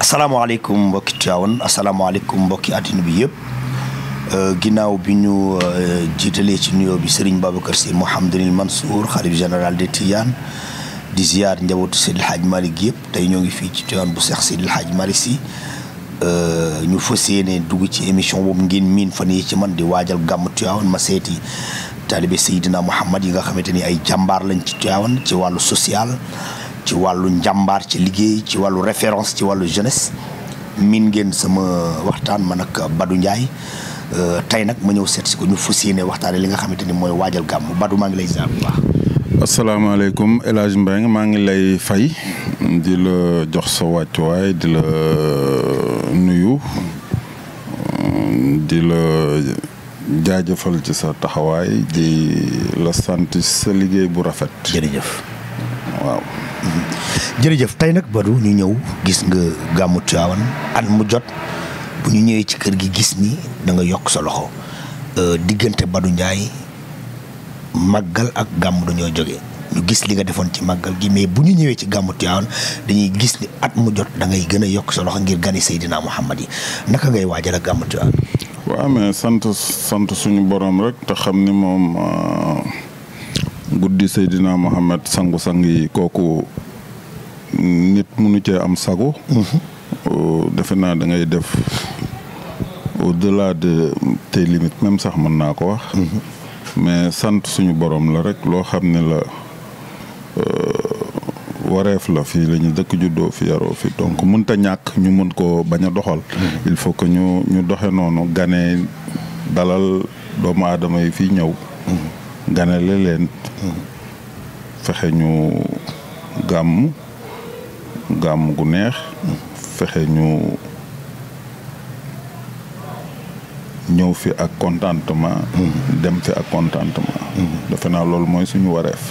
asalaamaaleykum mbokki Tivaouane asalaamaaleykum mbokki àddina bi yëpp euh, ginnaaw bi ñu euh, jiitalee ci nuyoo bi Serigne Babacar Sy Mouhamadulil Mansour xalif général de Tidiane di ziar njabootu Seydil Hadj Malick yëpp tey ñoo ngi fii ci Tivaouane bu Seex Seydil Hadj Malick Sy euh, ñu fas yéene dugg ci émission boobu ngin miin fan yi ci man di waajal gàmmu Tivaouane ma seeti taalibe Seydina Mouhamad yi nga xamante ni ay jàmbaar lañ ci Tivaouane ci wàllu social ci wàllu njàmbaar ci liggéey ci wàllu référence ci wàllu jeunesse miin ngeen sama waxtaan man ak Badou Ndiaye euh, tey nag ma ñëw seet si ko ñu fas yéene waxtaanee li nga xamante ni mooy waajal gàmm Badou maa ngi lay ziar bu maa ngi lay fay di la jox sa wàccuwaay di la nuyu di la. jaajëfal ci sa taxawaay di la sant sa liggéey bu rafet. jërëjëf waaw. Mhm. jërëjëf tey nag badu ñu ñëw gis nga gàmmu Tiwaawan at mu jot bu ñu ñëwee ci kër gi gis ni da nga yokk sa loxo euh, diggante badu njaay màggal ak gàmm dañoo jóge ñu gis li nga defoon ci màggal gi mais bu ñu ñëwee ci gàmmu Tiwaawan dañuy gis ni at mu jot da ngay gën a yokk sa loxo ngir gani Seydina Muhammad yi naka ngay waajal ak gàmmu Tiwaawan. waaw mais sant sant suñu borom rek te xam ni moom. Euh, guddi Seydina Mohamed sangu-sang yi kooku nit mënu cee am sago. Mm-hmm. defe naa dangay def au delà de tes limites même sax mën naa ko wax. Mm-hmm. mais sant suñu borom la rek loo xam ne la euh, wareef la fii la ñu dëkk juddoo fi yaroo fi donc mënta mm-hmm. ñàkk ñu mën ko bañ a doxal. il faut que ñu ñu doxe noonu gane dalal doomu aadama yi fii ñëw. ganale leen fexe ñu gàmm gàmm gu neex fexe ñu ñëw fi ak contentement dem fi ak contentement defe naa loolu mooy suñu wareef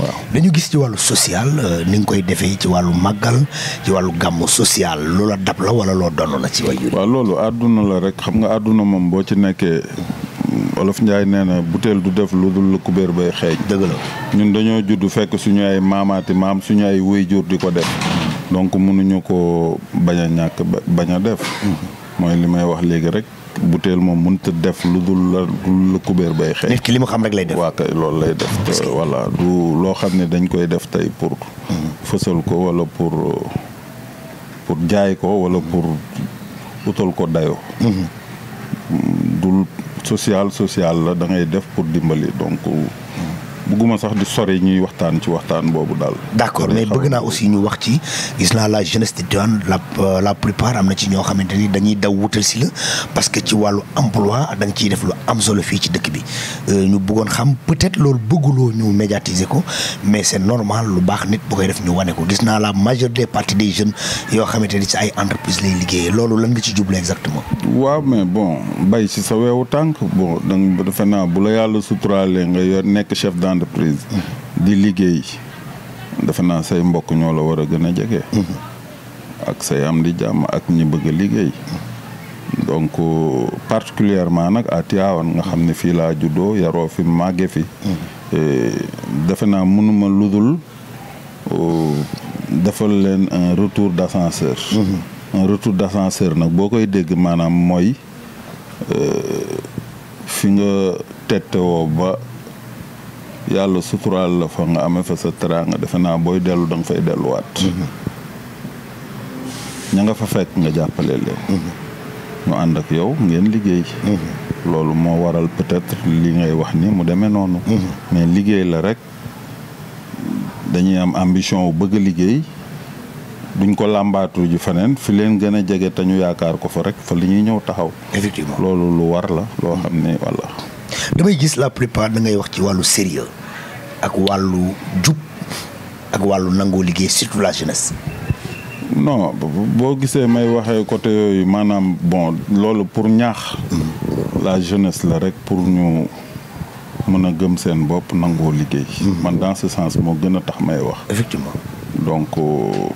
waaw dañu gis ci wàllu social euh, ni nga koy defee ci wàllu màggal ci wàllu gàmmu social loola dab la wala loo donn la ci waajur waaw loolu àdduna la rek xam nga àdduna moom boo ci nekkee olof njaay nee na butéel du def lu dul kubéer bay xeeñ. dëgg la ñun dañoo judd fekk suñu ay maamaati maam suñu ay waajur di ko def donc mënuñu ko bañ a ñàkk bañ a def. Mm-hmm. mooy li may wax léegi rek butéel moom mënut def lu dul la la kubéer bay xeeñ. ki li mu xam rek lay def. waa kay loolu lay def. te voilà du loo xam ne dañ koy def tey pour. Mm-hmm. fësal ko wala pour pour jaay ko wala pour utal ko dayoo. Mm-hmm. social sociale la da ngay def pour dimbali donc bugguma sax di sori ñuy waxtaan ci waxtaan boobu daal. d'accord mais bëgg naa aussi ñu wax ci gis naa la jeunesse de Tivaouane la euh, la am na ci ñoo xamante ni dañuy daw wutal si la parce que ci wàllu emploi da nga ciy def lu am solo fii ci dëkk bi euh, ñu bëggoon xam peut-être loolu bëgguloo ñu médiatiser ko mais c'est normal lu baax nit bu koy def ñu wane ko gis naa la majorité partie des jeunes yoo xamante ni ci ay entreprise lay liggéeyee loolu lan nga ci jublu exactement. waaw mais bon bay si sa entreprise di liggéey defe naa say mbokk ñoo la war a gën a jege. Mm-hmm. ak say am di jàmm ak ñi bëgg a liggéey. Mm-hmm. donc particulièrement nag à Tivaouane nga xam ne fii laa juddoo yaroo fi màgge fi. Mm-hmm. Eh, defe naa mënuma ludul oh, defal leen un retour d'ascenseur. un retour d'ascenseur nag boo koy dégg maanaam mooy eh, fi nga tette woo yàlla suturaal la fa nga amee fa sa teraanga defe naa booy dellu da fay delluwaat. Mm-hmm. ña nga fa fekk nga jàppale leen. Mm-hmm. ñu ànd ak yow ngeen liggéey. Mm-hmm. loolu moo waral peut-être li ngay wax ni mu demee noonu. mais liggéey la rek dañuy am ambition wu bëgg a liggéey duñ ko làmbaatu ji feneen fi leen gën a jege te ñu yaakaar ko fa rek fa li ñuy ñëw taxaw. effectivement loolu lu war la loo xam ne walla. damay gis la plupart da ngay wax ci wàllu sérieux ak wàllu jub ak wàllu nangoo liggéey surtout la jeunesse. non boo gisee may waxee côté yooyu maanaam bon loolu pour ñaax. Mm-hmm. la jeunesse la rek pour ñu mën a gëm seen bopp nangoo liggéey. Mm-hmm. man dans sens moo gën a tax may wax. effectivement donc euh,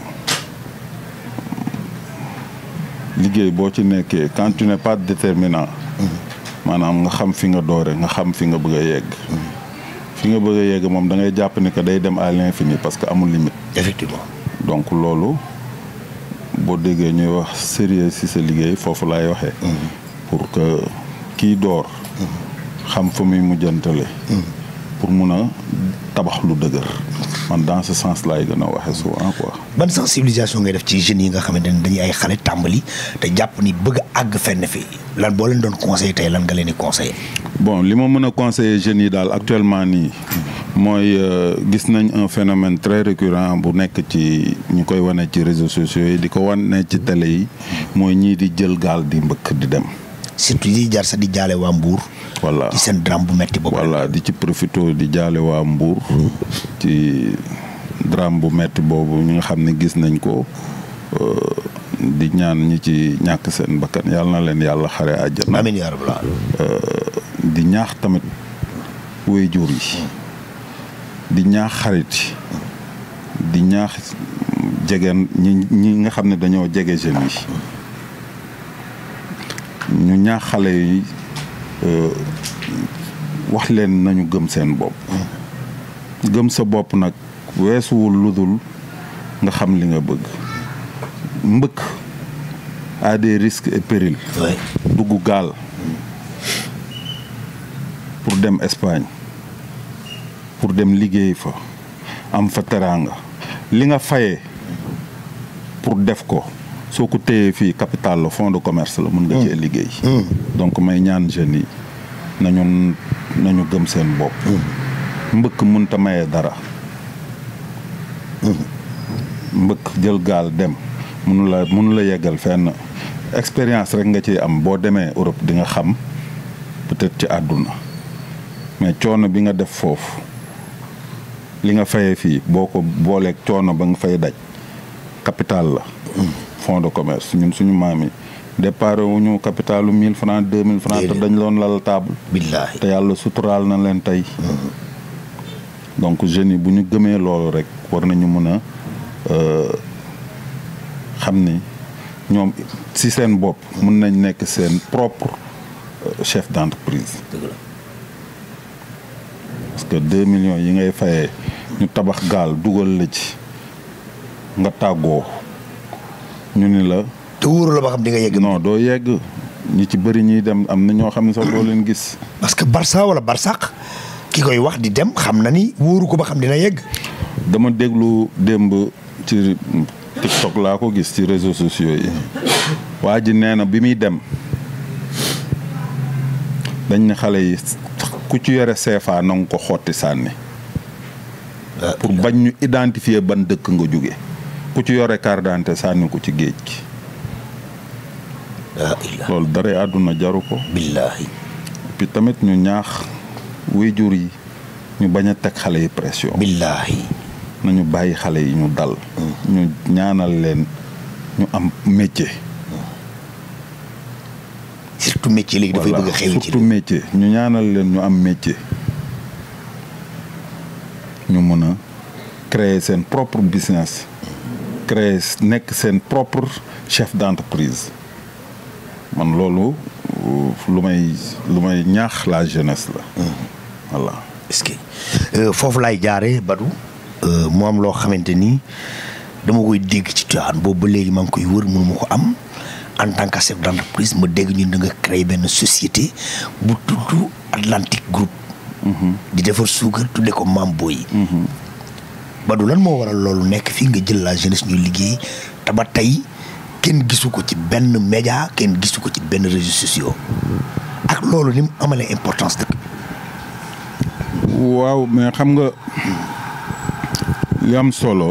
liggéey boo ci nekkee quand ne n'es pas déterminant. Mm-hmm. maanaam nga xam fi nga doore nga xam fi nga bëgg yegg. fi nga bëgg a moom da ngay jàpp ni que day dem à l'infini parce que amul limite. effectivement donc loolu boo déggee ñuy wax sérieux ci sa liggéey foofu laay waxee. Mmh. pour que kii door. Mmh. xam fa muy mujjantale. Mmh. pour mun a tabax lu dëgër. man dans ce sens laay gën a waxee souvent quoi. ban sensibilisation ngay def ci jeunes yi nga xamante ne dañuy ay xale tàmbali te jàpp ni bëgg a àgg fenn fi lan boo leen doon conseil tey lan nga leen di conseillé. bon li ma mën a conseillé jeunes yi daal actuellement nii. mooy euh, gis nañ un phénomène très récurrent bu nekk ci ñu koy wane ci réseaux sociaux yi di ko wane ci télé yi mooy ñii di jël gaal di mbëkk di dem. surtout di jar sax di jaale waa Mbour. voilà ci seen drame bu metti boobu. voilà di ci profito di jaale waa Mbour. Hmm. draam bu metti boobu ñu nga xam ne gis nañ ko euh, di ñaan ñi ci ñàkk seen bakkan yàlla na leen yàlla xare àjjana amiin yaa rabbal aalamiin euh, di ñaax tamit waajur yi di ñaax xarit yi di ñaax jegeen ñi ñi nga xam ne dañoo jege jeunes yi ñu ñaax xale yi euh, wax leen nañu gëm seen bopp gëm sa bopp nag weesuwul lu dul nga xam li nga bëgg mbëkk à des risques et périls dugg gaal pour dem Espagne pour dem liggéey fa am fa teraanga li nga fayee pour def ko soo ko téyee fii capital la de commerce la mun nga cee mm. liggéey mm. donc may ñaan jeunes yi nañu nañu gëm seen bopp mm. mbëkk mënta maye dara mbëkk jël gaal dem mënu la mënu la yeggal fenn expérience rek nga ciy am boo demee Europe di nga xam peut-être ci àdduna mais coono bi nga def foofu li nga fayee fii boo ko booleek coono ba nga fay daj capital la fonds de commerce ñun suñu maam yi déparé wuñu capitalu mille francs deux mille francs te dañ loon lal table billaahi te yàlla suturaal na leen tey mm-hmm. donc jeunes yi bu ñu gëmee loolu rek war nañu mën a euh, xam ni ñoom ci seen bopp mën nañ nekk seen propre euh, chef d'entreprise. parce que deux millions yi ngay fayee ñu tabax gaal dugal la ci nga tàggoo ñu ni la. te wóoru la ba xam di nga yegg. non doo yegg ñi ci bëri ñuy dem am na ñoo xam ne sax doo leen gis. parce que Barça wala Barsaq ki koy wax di dem xam na ni wóoru ko ba xam dina yegg. dama déglu démb ci TikTok laa ko gis ci réseau sociaux yi waa ji nee na bi muy dem dañ ne xale yi ku ci yore CFA na nga ko xotti sànni. Ah, pour bañ ñu identifier ban dëkk nga jóge ku ci yore carte sànni ko ci géej gi. loolu dara àdduna jaru ko. billaahi. tamit ñu ñaax. waajur yi ñu bañ a teg xale yi pression. billaahi. nañu bàyyi xale yi ñu dal. ñu ñaanal leen ñu am métier. surtout métier léegi dafay bëgg a xew ci surtout métier ñu ñaanal leen ñu am métier. ñu mën a créer seen propre business. créer nekk seen propre chef d'entreprise. man loolu euh, lu may lu may ñaax la jeunesse la. Mm-hmm. wallaahi est-ce que euh, foofu laay jaare Badou euh, mu am loo xamante ni dama koy dégg ci Tivaouane boobu ba léegi maa ngi koy wër mënu ma ko am en tant que chef d'entreprise ma dégg ñu da nga créé benn société bu tudd Atlantique Group. Mhm. di defar suukar tudde ko Mambo yi. Mhm. Badou lan moo waral loolu nekk fii nga jël la jeunesse ñuy liggéey te ba tey kenn gisu ko ci benn média kenn gisu ko ci benn réseaux sociaux ak loolu ni mu amalee importance dëkk. waaw mais xam nga li am solo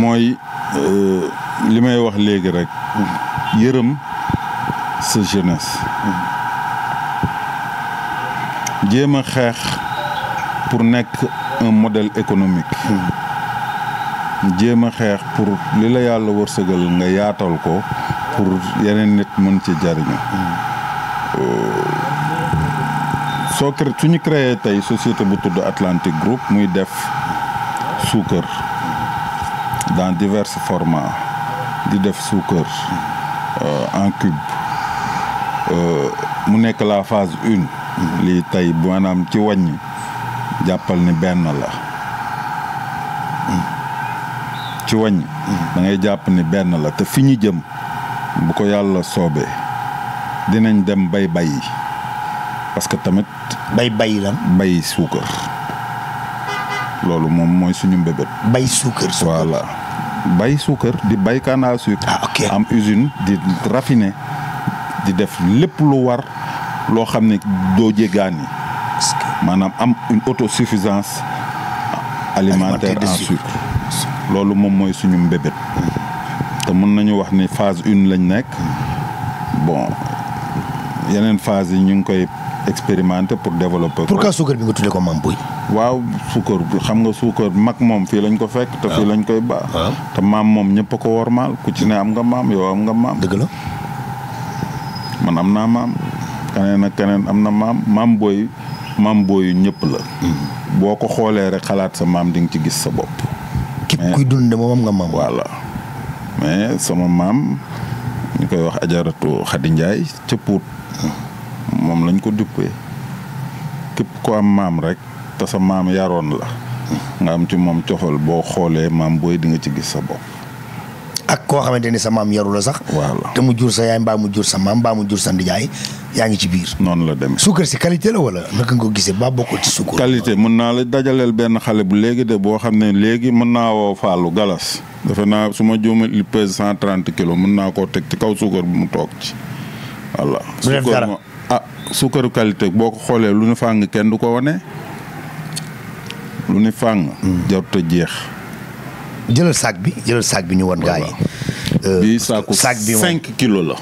mooy euh, li may wax léegi rek yërëm sa jeunesse jéem a xeex pour nekk un modèle économique jéem a xeex pour li la yàlla wërsëgal nga yaatal ko pour yeneen nit mën ci jariñu euh, soo crée suñu créé tey société bu tudd Atlantic Group muy def suukar dans divers formats di def suukar euh, en cube euh, mu nekk la phase une lii tey maanaam ci wàññi jàppal ni benn la ci wàññi da jàpp ni benn la te fi ñu jëm bu ko yàlla soobee dinañ dem bay bay parce que tamit bay bay lan. bay suukar. loolu moom mooy suñu mbébét. bay suukar suukar voilà. bay suukar di bay canne à sucre. ah ok di raffiner di def lépp lu war loo xam ne doo jéggaani. maanaam am une autosuffisance. alimentaire en loolu moom mooy suñu mbébét. te mën nañu wax ni phase une lañ nekk bon yeneen phase yi ñu ngi koy. expérimenté pour développer. pourquoi suukar bi nga tuddee ko maam buy. waaw suukar xam nga suukar mag moom fii lañ ko fekk. te fii ah. lañ koy baax. Ah. te maam moom ñëpp a ko wormaal ku ci ne am nga maam yow am nga maam. dëgg la. man am keneen am na maam maam booy maam booyu ñëpp la. Hmm. boo ko xoolee rek xalaat sa maam di nga ci gis sa bopp. képp kuy dund moom am nga maam. voilà mais sama maam ñu koy wax ajaratu Khady Ndiaye ca Pout. moom lañ ko duppee képp ko am maam rek te sa maam yaroon la nga am ci moom cofal boo xoolee maam booy di nga ci gis sa bopp ak koo xamante ni sa maam yaru sax voilà te mu jur sa yaay mbaa mu jur sa maam mbaa jur sa ndijaay yaa ngi ci biir noonu la demee suukar si qualité la wala naka nga ko gisee ba bokkul ci suukar qualité mën naa la dajaleel benn xale bu léegi de boo xam ne léegi mën naa woo faalu galas defe naa su ma juumee il pèse kilos mën naa koo teg ci kaw suukar bu mu toog ci voilà suukar suukaru qualité boo ko xoolee lu ñu fàng kenn du ko wane lu ñu fàng. jarut a jeex. jëlal saak bi jëlal saak bi ñu won gaa yi. Euh, bi saaku cinq kilos la.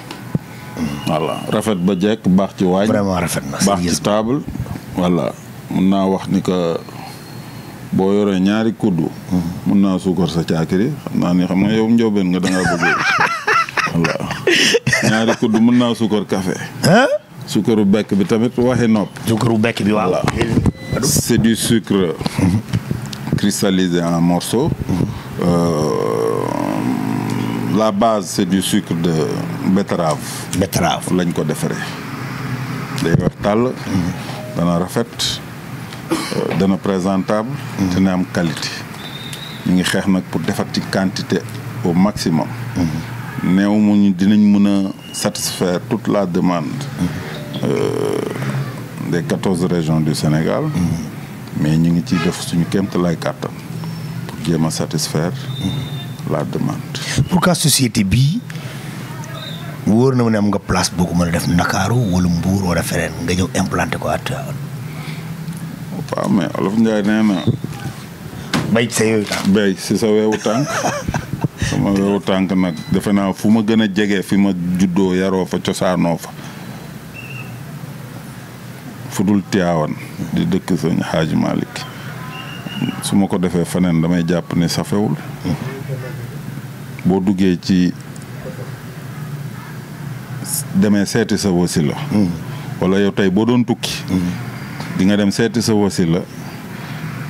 rafet ba jekk baax ci waañ. vraiment rafet baax ci table. voilà mun naa wax ni que boo yoree ñaari kuddu. mun naa suukar sa caakiri xam naa ni xam nga yow njóobeen nga da ngaa bëgg. voilà ñaari kuddu mun naa suukar café. sukaru bekk bi tamit waxi nopp. sukaru bekk bi waaw. c'est du sucre cristallisé en morceaux. Euh, la base c'est du sucre de betterave. betterave lañ ko defaree. day wax tàll. dana rafet. Euh, dana présentable. dina am qualité. ñu ngi xeex nag pour defar ci quantité au maximum. Mm-hmm. néew mu ñu dinañ mën a satisfaire toute la demande. Mm-hmm. Euh, de quatorze régions du Sénégal. Mm-hmm. mais ñu ngi ci def suñu kéemtalaay kàttan pour jéem a satisfaire mm-hmm. la demande. pourquoi société bii wóor na ma ne am nga place boo ko mën a def Ndakaaru wala Mbuur wala feneen nga implanté ko at. waaw na. béy ci sa wewu tànk tànk. nag defe naa fu ma gën a jege fi ma juddoo yaroo fa cosaanoo fa. fudul Tiwaawan di dëkk sëñ Xaaji Malick su ma ko defee feneen damay jàpp ne safewul boo duggee ci demee seeti sa wasila wala yow tey boo doon tukki di nga dem seeti sa wasila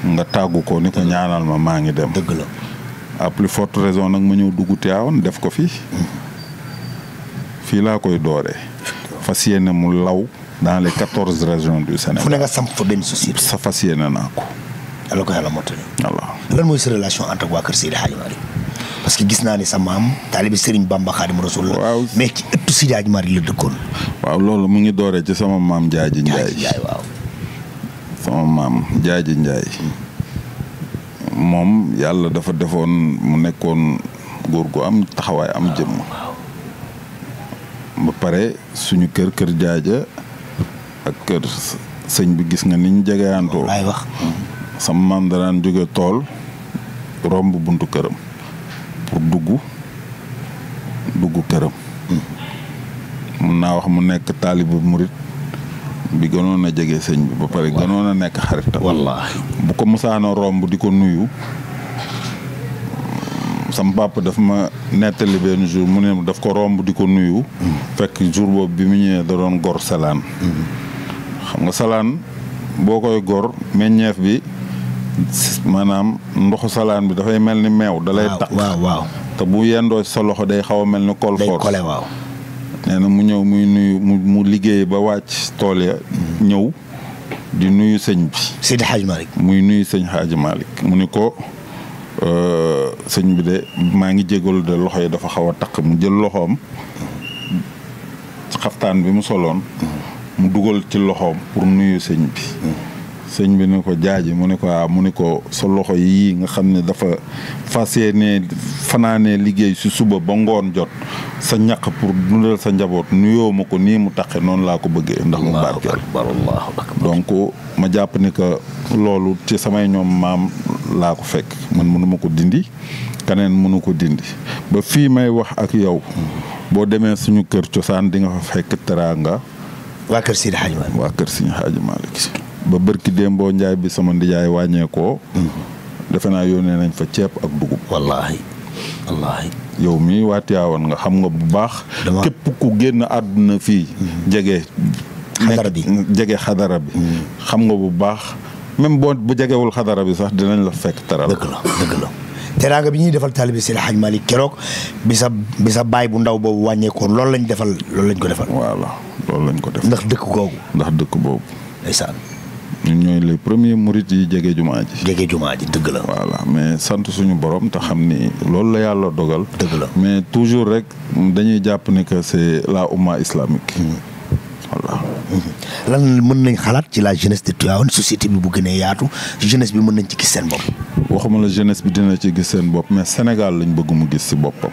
nga tàggu ko ni ko ñaanal ma maa ngi dem dëgg la à plus raison nag ma ñëw dugg Tiwaawan def ko fii fii laa koy dooree fas yéene mu law dans les quatorze régions du Sénégal. fu ne nga samp fa benn société. sa fas yéene naa ko. yàlla ko yàlla mottali. lan mooy sa relation entre waa Kër Seydi Hadji Malick parce que gis naa ne sa maam. taalibi Serigne Bamba Xaadimu Rasuul la. waaw mais ci ëttu waaw loolu mu ngi dooree ci sama maam Jaaji Njaay Njaay waaw. sama maam Jaaji Njaay hmm. yàlla dafa defoon mu nekkoon góor gu am taxawaay am jëmm. ba pare suñu kër kër jaaja ak kër sëñ bi gis nga niñ ñu ay wax sama maam jóge tool romb buntu këram pour dugg duggu këram mun naa wax mu nekk taalibu murit bi gënoon a jege sëñ bi ba pare gënoon a nekk xaritam wallaahi bu ko musaana romb di ko nuyu sama papa daf ma nettali benn jour mu ne daf ko romb di ko nuyu mm. fekk jour boobu bi mu ñëwee da doon gor selaan mm-hmm. xam nga salaan boo koy gor meññeef bi maanaam ndoxu salaan bi dafay mel ni meew. da takk te bu yendoo sa loxo day xaw a mel ni. col force day waaw. nee na mu ñëw muy nuyu mu liggéey ba wàcc tool ya ñëw di nuyu sëñ bi. Seydi Hadj Malick. muy nuyu sëñ Hadj Malick mu ni ko euh, sëñ bi de maa ngi jégalu de loxo yi dafa xaw a takk mu jël loxoom xaftaan bi mu soloon. mu dugal ci loxoom pour nuyu sëñ bi sëñ bi ne ko jaaji mu ne ko waaw ah, mu ne ko sa loxo yi nga xam ne dafa fas ne fanaanee liggéey si suba ba ngoon jot sa ñaq pour dundal sa njaboot nuyoo ma ko nii mu taqe noonu laa ko bëggee ndax mu barkeel donc ma jàpp ni que loolu ci samay ñoom maam laa ko fekk man mënuma ko dindi keneen mënu ko dindi ba fii may wax ak yow boo demee suñu kër cosaan di nga fa fekk teraanga waa kër Sidi Hadj Malick waa kër Sidi Hadj Malick si ba bërki démboo njaay bi sama ndijaay wàññeekoo hmm. defe naa yónnee nañ fa ceeb ak dugub wallaahi wallaahi yow mii waatiyaawoon nga xam nga bu baax képp ku génn àdduna fii hmm. jege xadara bi jege xadara hmm. xam nga bu baax même boo bu jegewul xadara bi sax dinañ la fekk taral dëgg la dëgg bi ñuy defal taalibe Seydi Hadj Malick keroog bi sa baay bu ndaw boobu wàññeekoo loolu lañ defal loolu lañ ko defal loolu lañ ko def. ndax dëkk googu. ndax dëkk boobu. ndeysaan. ñun ñooy les premiers murit yi jege jumaa ji. jege jumaa ji dëgg la. voilà mais sant suñu borom te xam ni loolu la yàlla dogal. dëgg la mais toujours rek dañuy jàpp ni que c'est la umma islamique. Mmh. voilà. Mmh. mën nañ xalaat ci la jeunesse de Tivaouane société bi bu gënee yaatu jeunesse bi mën nañ ci gis seen bopp. waxuma la jeunesse bi dina ci gis seen bopp mais Sénégal lañ bëgg mu gis si boppam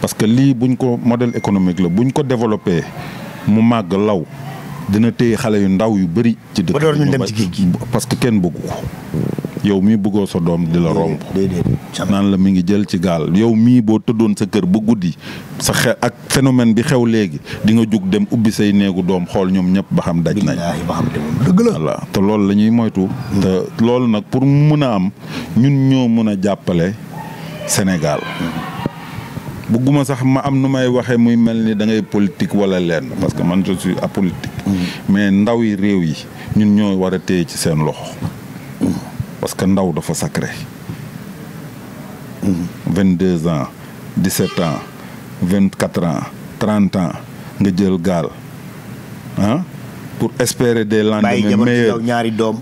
parce que lii buñ ko modèle économique la buñ ko développé. mu màgg law dina tey xale yu ndaw yu bëri. ci dëkk ñu dem ci géej gi parce que kenn bëggu ko. yow mii bëggoo sa doom di la romb. naan la mi ngi jël ci gaal yow mii boo tëddoon sa kër ba guddi. sa xe ak phénomène bi xew léegi di nga jug dem ubbi say néegu doom xool ñoom ñëpp ba xam daj nañ. dëgg la voilà te loolu la ñuy moytu. Mm. te loolu nag pour mu mën a am ñun ñoo mën a jàppale Sénégal. Mm-hmm. bëgguma sax ma am nu may waxee muy mel ni da ngay politique wala lenn parce que man je suis apolitique. Mm-hmm. mais ndaw yi réew yi ñun ñoo war a téye ci seen loxo. Mm-hmm. parce que ndaw dafa sacré. Mm-hmm. vingt deux ans dix sept ans vingt quatre ans trente ans nga jël gaal ah pour espérer de lendemains meilleurs bàyyi jabar ñaari doom.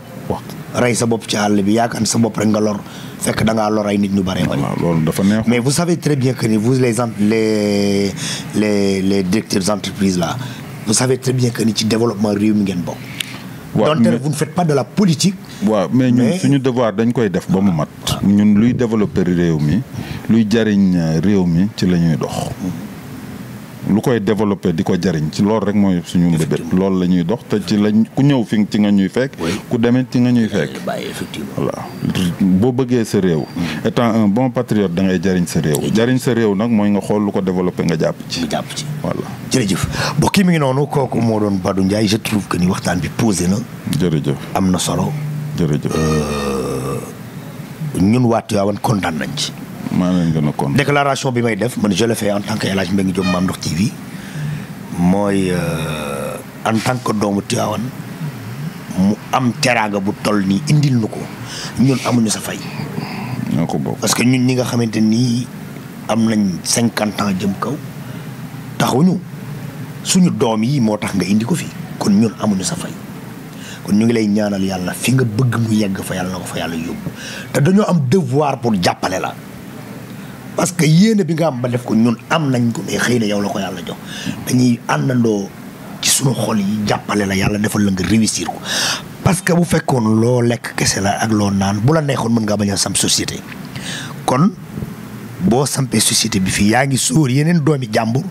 rey sa bopp ci àll bi yaakaar sa bopp rek nga lor. fekk da ngaa ay nit ñu bare bari. loolu dafa neex mais vous savez très bien que ni vous les les les les directeurs entreprises là vous savez très bien que ci développement réew mi ngeen bokk. waaw donc vous ne faites pas de la politique. waaw mais ñun suñu devoir dañ koy def ba mu mat. ñun luy développer réew mi luy jariñ euh, réew mi ci la ñuy dox. lu koy développé di ko jariñ ci loolu rek mooy suñu mbébét loolu la ñuy dox te ci lañ ku ñëw fi ci nga ñuy fekk ku demee ci nga ñuy fekk voilà boo bëggee sa réew mm. étant un bon patriote da ngay jariñ sa réew jariñ sa réew nag mooy nga xool lu ko développé nga jàpp ci voilà jërëjëf bokki mi ngi noonu kooku moo doon Badou Ndiaye je trouve que ni waxtaan bi posé na jërëjëf am na solo jërëjëf euh, ñun waa wan kontaan nañ ci maa leen gën déclaration bi may def man je le fais en tant que El Hadj Mbengue Diop Mame Ndokh TV mooy euh, en tant que doomu Tiwaawan mu am teraanga bu toll nii indil nu ko ñun amuñu sa fay. ñoo ko bokk parce que ñun ñi nga xamante nii am nañ cinquante ans jëm kaw taxuñu suñu doom yi moo tax nga indi ko fi kon ñun amuñu sa fay. kon ñu ngi lay ñaanal yàlla fi nga bëgg mu yegg fa yàlla na ko fa yàlla yóbbu te dañoo am devoir pour jàppale la. parce que yéene bi nga am ba def ko ñun am nañ ko mais xëy na yow la ko yàlla jox dañuy àndandoo ci sunu xol yi jàppale la yàlla defal la nga réussir ko parce que bu fekkoon loo lekk kese la ak loo naan bu la neexoon mën ngaa bañ a sam société boo sampee société bi fii yaa ngi sóor yeneen doomi jàmbur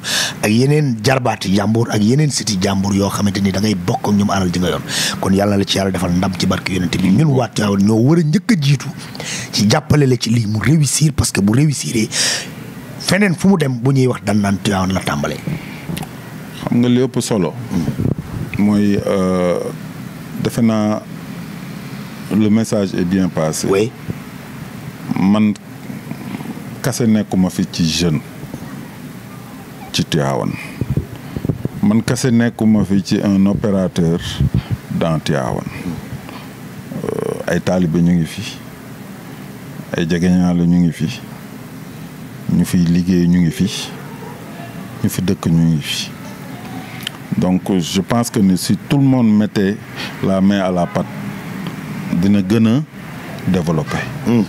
ak yeneen jarbaati jàmbur ak yeneen siti jàmbur yoo xamante ni da ngay bokk ak ñoom alal ji nga kon yàlla la ci yàlla defal ndam ci barke yonente bi ñun waat ñoo war a njëkk a jiitu ci jàppale la ci lii mu réussir parce que bu réussir feneen fu mu dem bu ñuy wax dan naan Tiwaawan la tàmbalee. xam nga li solo. mooy euh, defe naa le message est bien passé. oui kase nekkuma fi ci jeune ci Tivaouane man kase nekkuma fi ci un opérateur dans Tivaouane euh, ay taalibe ñu ngi fi ay jegeñaale ñu ngi fi ñu fiy liggéey ñu ngi fi ñu fi dëkk ñu ngi fi donc je pense que ni si tout le monde mettait la mais à la pâte dina gën a développer. Mm.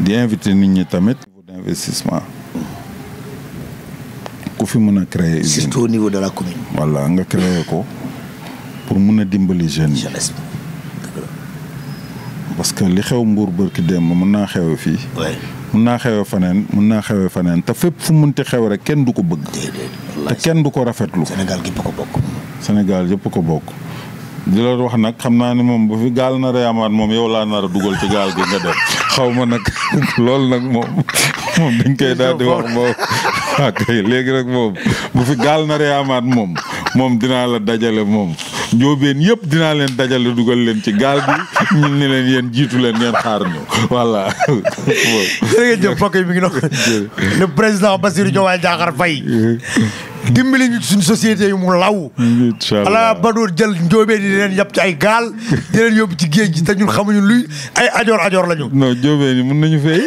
di invité nit ñi tamit. investissement ku fi mën a créer usine surtout de la commune. nga créer ko pour mun a dimbali jeunes parce que li xew Mbour bërki démb mën naa xewee fii. mun naa xewee faneen mun naa xewee faneen te fépp fu munti xew rek kenn du ko bëgg. te kenn du ko rafetlu. Sénégal gépp ko Sénégal yëpp ko bokk. di la wax nag xam naa ni moom bu fi gaal nar a moom yow laa nar dugal ci gaal gi nga dem xaw ma nag loolu nag moom moom dañ koy daal di wax moom waaw kay léegi rek moom bu fi gaal na reyaamaat moom moom dinaa la dajale moom njóobeen yëpp dinaa leen dajale dugal leen ci gaal bi ñun ni leen yéen jiitu leen ngeen xaar ñu voilà. jërëjëf mbokk yi mi ngi noonu le président dimbali ñu suñ societé yi mu law ala badoor jël njóobeen di leen yàpp ci ay gaal di yóbbu ci géej gi te xamuñu luy ay ajoor ajoor lañu non njóobeen yi mun nañu fay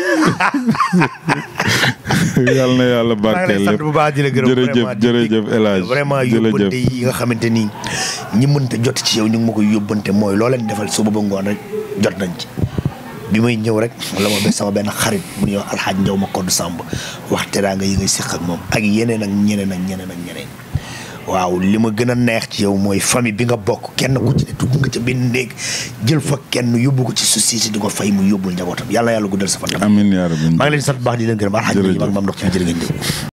yàlla na yàlla barkeel lépp bu baax di la gërëm jërëjëf jërëjëf El Hadj vraiment yóbbante yi nga xamante ni ñi mënta jot ci yow ñu ma koy yóbbante mooy loo leen defal suba ba ngoon rek jot nañ ci bi may ñëw rek la ma bés sama benn xarit mu ñuy wax alxaaj njaw ma kodd sàmb wax teraanga yi ngay séq ak moom ak yeneen ak ñeneen ak ñeneen ak ñeneen waaw li ma gën a neex ci yow mooy famille bi nga bokk kenn ku ci dugg nga ca benn néeg jël fa kenn yóbbu ko ci société di ko fay mu yóbbul njabootam yàlla yàlla guddal sa fan. amiin yaa rabbi maa ngi leen di sant baax di leen gërëm alxaaj njaw ma ndox ci jërë ngeen jëf